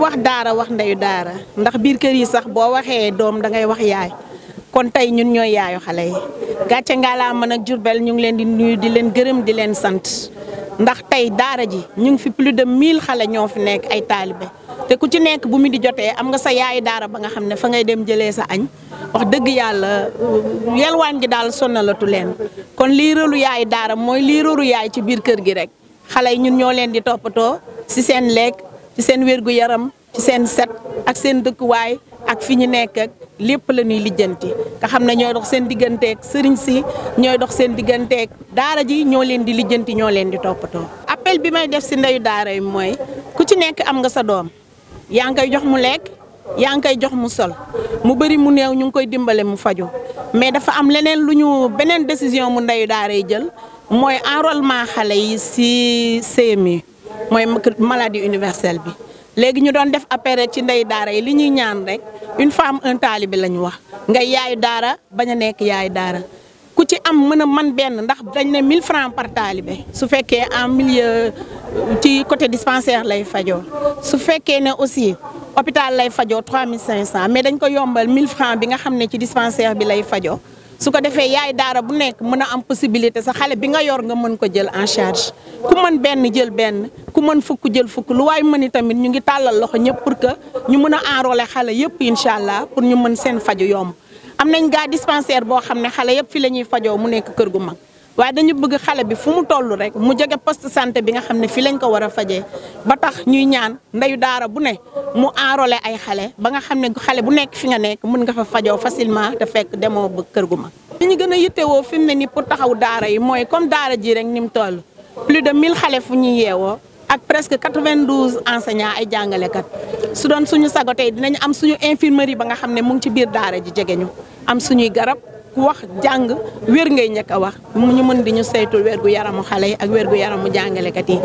wax daara wax ndeyu daara ndax biir kër yi sax boo waxee doom da ngay wax yaay kon tey ñun ñooy yaayu xale yi gàcce mën nag Jurbel ñu ngi leen di nuyu di leen gërëm di leen sant ndax tey daara ji ñu ngi fi plus de 1000 xale ñoo fi nekk ay taalibe te ku ci nekk bu mu di jotee am nga sa yaayu daara ba nga xam ne fa ngay dem jëlee sa añ wax dëgg yàlla yelwaan gi daal sonnalatu leen kon lii rëlu yaayu daara mooy lii rëlu yaay ci biir kër gi rek xale yi ñun leen di toppatoo si ci seen wérgu yaram ci seen set ak seen dëkkuwaay ak fi ñu nekk ak lépp la ñuy lijjanti nga xam ne ñooy dox seen digganteeg sëriñ si ñooy dox seen digganteeg daara ji ñoo leen di lijjanti ñoo leen di toppatoo. appel bi may def si ndeyu daara yi mooy ku ci nekk am nga sa doom yaa ngi koy jox mu lekk yaa ngi koy jox mu sol mu bëri mu néew ñu ngi koy dimbale mu faju mais dafa am leneen lu ñu beneen décision mu ndeyu daara yi jël mooy enrôlement xale yi si CMU. mooy maladie universelle bi léegi ñu doon def appel ci ndey daara yi li ñuy ñaan rek une femme un taalibe la ñu wax ngay yaay daara bañ nekk yaay daara ku ci am mën a man benn ndax dañ ne mille francs par taalibe su fekkee en milieu euh, ci côté dispensaire lay fajo su fekkee ne aussi hôpital lay fajoo 3500 mais dañ ko yombal mille francs bi nga xam ne ci dispensaire bi lay fajo su ko defee yaay daara bu nekk mën a am possibilité sa xale bi nga yor nga mën ko jël en charge ku benn jël benn ku mën fukk jël fukk lu waay mën i tamit ñu ngi tàllal loxo ñëpp pour que ñu mën a enrôler xale yëpp incha allah pour ñu mën seen faju yomb am nañ gaa dispensaire boo xam ne xale yëpp fi la ñuy fajoo mu nekk kër gu mag waaye dañu bëgg xale bi fu mu toll rek mu jege poste santé bi nga xam ne fi lañ ko war a fajee ba tax ñuy ñaan ndeyu daara bu ne mu enrôler ay xale ba nga xam ne xale bu nekk fi nga nekk mën nga fa fajoo facilement te fekk demoo ba kër gu mag ñu gën a fi mu ne ni pour taxaw daara yi mooy comme daara ji rek ni mu toll plus de xale fu ñuy yeewoo ak presque 92 enseignants ay jàngalekat su doon suñu sago tey dinañ am suñu infirmerie ba nga xam ne mu ngi ci biir daara ji jege ñu am suñuy garab ku wax jàng wér ngay njëkk a wax mu ñu mën di ñu saytul wér gu yaramu xale yi ak wér yaram yaramu jàngalekat yi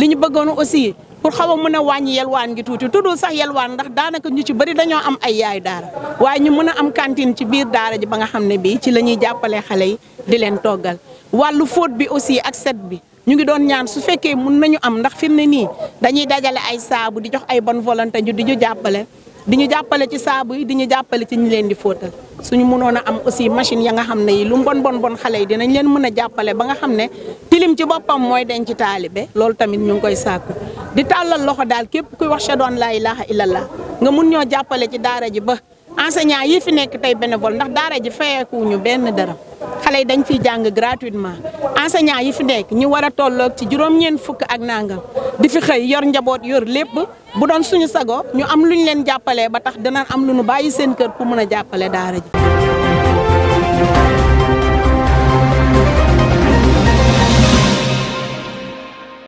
li ñu bëggoon aussi pour xaw a mën a wàññi yelwaan gi tuuti tuddul sax yelwaan ndax daanaka ñu ci bëri dañoo am ay yaay daara waaye ñu mën a am cantine ci biir daara ji ba nga xam ne bii ci la ñuy jàppalee xale yi di leen toggal wàllu fóot bi aussi ak set bi ñu ngi doon ñaan su fekkee mun nañu am ndax fi mu ne nii dañuy dajale ay saabu di jox ay bon volonté ju di ñu jàppale di ñu jàppale ci saabu yi di ñu jàppale ci leen di fóotal suñu mënoon a am aussi machine ya nga xam ne lu bon bon bon xale yi dinañ leen mën a jàppale ba nga xam ne tilim ci boppam mooy denc taalibe loolu tamit ñu ngi koy saaku di tàllal loxo daal képp kuy wax shadoon laa ilaaha illallah nga mun ñoo jàppale ci daara ji ba enseignant yi fi nekk tey bénévole ndax daara ji ñu benn dara xale yi dañ fiy jàng gratuitement enseignant yi fi nekk ñi war a tolloog ci juróom-ñeent fukk ak nangam di fi xëy yor njaboot yor lépp bu doon suñu sago ñu am lu leen jàppalee ba tax dana am lu ñu bàyyi seen kër ku mën a jàppale daara ji